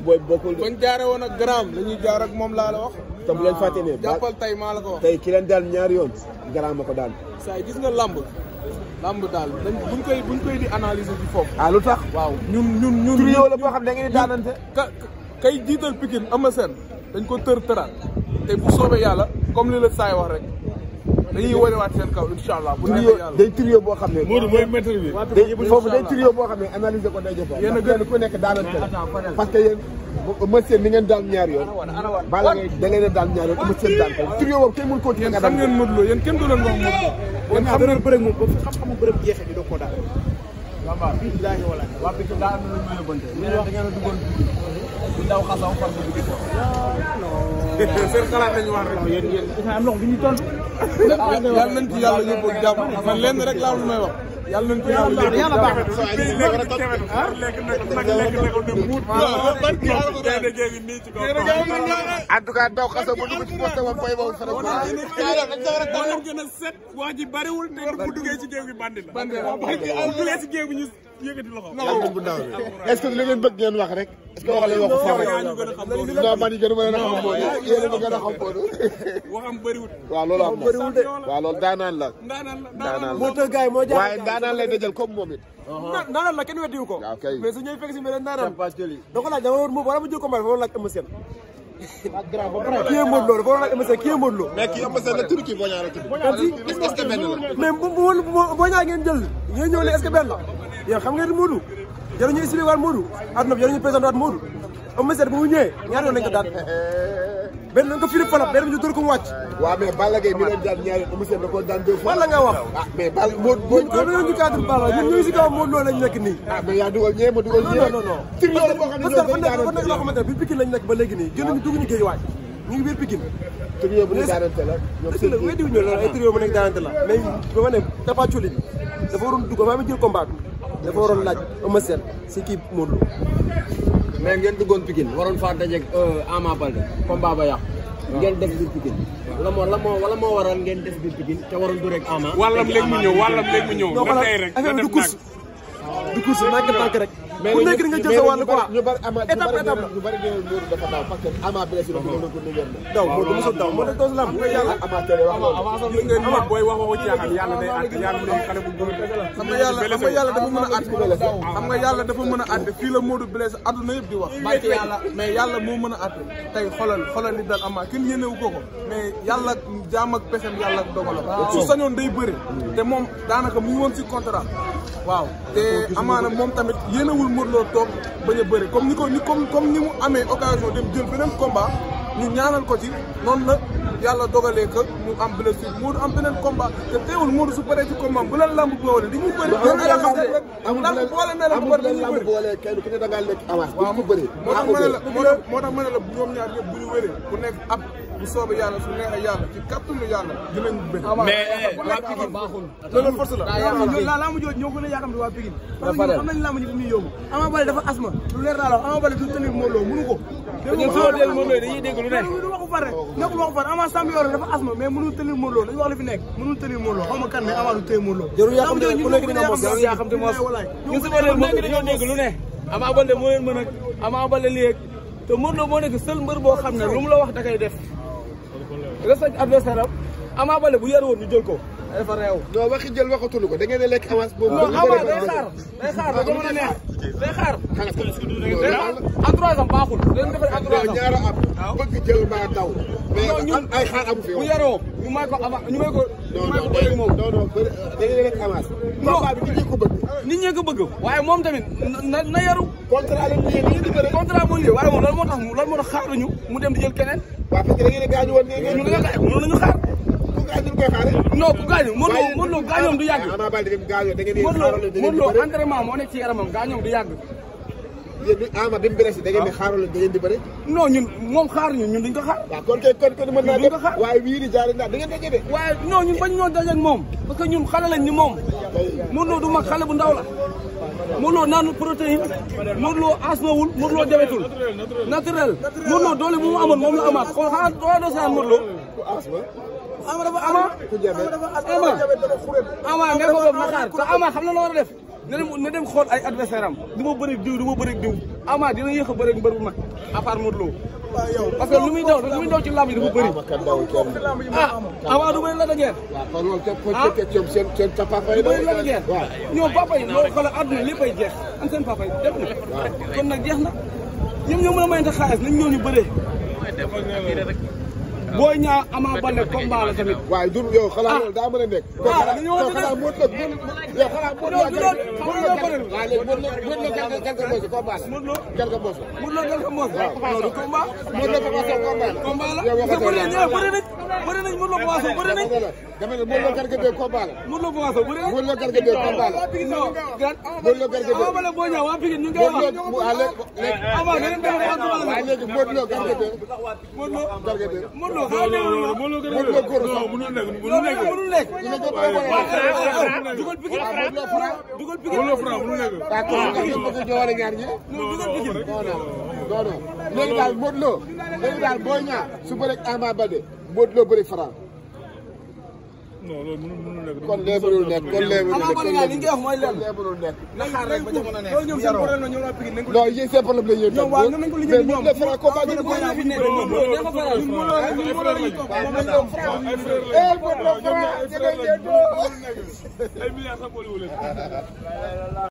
booy bokkul bañ jaare woon ak garaam lañuy ñuy jaar ak moom laa la wax te bu leen fàtte ne jàppal tey maa la ko wax tey ki leen daal ñaari yoon garaam ko daal saay gis nga lamb lamb daal dañ buñ koy buñ koy di analyser ci foofu ah lu tax waaw ñun ñun ñun trio la boo xam da ngeen di daanante kay jiital Pikine Eumeu Sène dañ ko tër tëraat te bu soobee yàlla comme li la saay wax rek dañuy wóorewaat seen boo xam ne. Modou ko day jëfoo. a gën ku nekk daanaka la parce que yéen. ni ngeen daal ñaar yoon. bala ngay da ñaar yoon monsieur daan ko. trio boobu kenn mënu koo ci nga daal ngeen Modou Lo kenn du leen wax Modou Lo. yéen xam ngeen bëre moom xam-xamu bëre jeexee ñu doog koo daal waaw fii di laajee wala. waaw fii daa am lu ñu yóbbante. ñu wax da ngeen a duggoon bu ndaw xasaw far nga dugg ko. non seen xalaat lañu wax rek. yéen yéen am loxo bi ñu tontu. yàlla nañ ci yàlla yóbbu jàmm man lenn rek laa lu may wax. yàlla nañ ko yàlla baax en tout cas daw xasa bu dugg ci poste wam fay boobu fa rek gën a set wax ji bariwul te bu duggee ci géew gi bandi la bu duggee ci géew gi ñu yëkkati loxo. yàlla bu ndaw bi est-ce que li ngeen bëgg ngeen wax rek. est-ce que wax la waxu faaw rek. non man yi gën a mën a xam Modou yéen a ma gën a xam Modou. waxam bëriwul. waaw loolu am na waaw loolu daanaan la. daanaan la daanaan la moo tax gars yi moo jaay waaye daanaan lay dajal comme moom it. daanaan la kenn weddiwu ko. waaw kay mais su ñëwee fekk si beneen daanaan. da ko laaj dama war mu wala mu jël ko mbal fa wala laaj am seen. ak grand ba pare. kii yee Modou Lo dafa waroon ak Eumeu Sène kii yee Modou Lo. mais kii Eumeu Sène la tur kii Boña la tudd. est-ce que benn la. mais bu bu Boña ngeen jël. ngeen ñëw ne est-ce que benn la. yow xam nga ni Modou jaruñu waat Modou adduna bi jaruñu waat Modou am na seet bu mu ñëwee ñaari yoon lañ ko benn lañ ko firip benn bi ñu dóor ko na seet da koo daan deux fois. Balla nga wax ah mais Balla Modou Modou. ñun ñoo ñu si kaw Modou loolu lañ nii. ah mais yaa dugal ñee ma nekk fa nekk loo xamante ne bi Pikine lañ nekk ba léegi nii génnuñu dugguñu géej waaj ñu ngi biir Pikine trio bu nekk daanante la ñoom seen biir dëgg la wéy diw ñu la ay trio nekk daanante la dafa waroon laaj Eumeu Sène si kii Modou Lo mais ngeen duggoon Pikine waroon faa dajeeg euh, Ama Baldé combat ba yàqu ngeen def biir Pikine la moo la moo wala moo waral ngeen def biir Pikine te waroon du rek Ama wàllam léegi mu ñëw wàllam mu ñëw nga tey rek nga def nag du course du course nag tànk rek ku nekk di nga jël sa wàll quoi étape étape la. ñu bari ñu bari dafa daw parce que ama blessé dafa doon ko ngeen daw moo ko mësul daw moo ne toos lam ko yàlla amateur wax loolu li nga nit booy wax waxu caaxaan yàlla day àtt yàlla mu doon xale bu góor xam nga yàlla xam nga yàlla dafa mën a àtt xam nga yàlla dafa mën a àtt fii la Modou blessé àdduna yëpp di wax barke yàlla mais yàlla moo mën a àtt tey xolal xolal li dal ama kenn yéenewu ko ko mais yàlla jaam ak pexem yàlla dogalam su sañoon day bëri te moom daanaka mu ngi woon ci contrat waaw te amaana moom tamit yéenewul Modou Lo toog bañ a bëri comme ni ko ni mu amee occasion dem jël beneen combat ñu ñaanal ko ci noonu yàlla dogalee que mu am blessure Modou am beneen combat te teewul Modou su paree ci combat bu leen di ñu bëri. amul lamb boole na la bu bëri dañuy bëri boole kenn ku ne da ngaa lekk avance. ma ne la moo tax ma ne la ñoom ñaar ñëpp bu ñu wéree ku nekk ab bu soobee yàlla su neexee yàlla ci kàttanu yàlla eh, waa Pikine baaxul. loolu force la la a waa Pikine. parce que am nañ laamu ji bu muy yóbbu. Ama Baldé dafa asma lu leer laa la wax Ama Baldé du Samba Yoro dafa asma mais mënul tenir Modou Lo dañu wax li fi nekk kan ne Ama du téye Modou Lo. jarul yaa mos yaa xam te mos ñun suñu réew mi dañoo dégg ne Ama Baldé moo leen mën ak Ama Baldé léeg te Modou Lo moo nekk seul mbër boo xam ne lu mu la wax da koy def respect adversaire am Ama Baldé bu yar woon ñu jël ko dafa réew. non waxi jël waxatuñu ko da ngeen di lekk avance boobu. non avance day xaar day xaar da ko mën a neex day xaar. entourage baaxul. leen defal entourage am ñaara am bëgg jël ba daw. mais ay xaar amu fi. bu yaroo ñu may ko avance ñu may ko. ñu may ko bëri moom non non bëri da ngeen di lekk avance. non papa bi nit ñi ko bëgg. nit ñi ko bëgg. waaye moom tamit na na yaru. contrat la ñu yéen di bëri. contrat boo ñu waaye moom lan moo tax lan moo tax xaaruñu mu dem di jël keneen. waaw parce que da ngeen di gaañu woon ak ñu koy xaaree. non ku gaañu mënuloo mënuloo gaañoom du yàgg. Ama Baldé bi gaañoo da ngeen di xaaraloo da ngeen di bëre entraînement moo nekk ci yaramam gaañoom du yàgg. yéen Ama bi mu bëre si da ngeen di ah. xaaraloo da ngeen di bëre. non ñun moom xaar ñun ñun duñ ko xaar. waaw kon kay kon kon mën naa def waaye wii di jaaree naa da ngeen daje de. waaye non ñun bañ ñoo daje ak moom parce que ñun xale lañ ni moom. mënuloo du mag xale bu ndaw la. mënuloo naanu protéine mënuloo asmawul mënuloo jawetul naturel mënuloo doole bu mu amoon moom la amaat xool xanaa doo dosaan mënuloo ku asma. ama dafa ama xaar te ama xam na loo war a def. na dem xool ay adversaire am du diw du ma diw ama dina yéex a bëri mbër bu mag à part Modou Lo que lu muy daw lu muy daw ci làmb yi dafa bëri. ah ama la dajeer. waaw ah, kon moom ah. seen seen seen papa jeex am seen papa yi na. kon nag jeex na ñoom ñoo mën a mayante xaalis nañ ñëw ñu bëree. Boy Niang Ama Baldé combat la tamit. waaye du yow xalaat loolu daa mën a nekk. waaw dañoo war a nekk yow xalaat Modou Lo. Modou Lo Modou Lo a léegi daal Modou Lo léegi daal Boy Niang su bëreeg Ama Baldé Modou Lo bëri Franc non loolu mënul mënul nekk. kon ko. non yéen ko liggéey ñoom ko ñaafi ne. non non non dafa faral moom lañ ko. waaw dañ ko Franc. eh moom la Franc.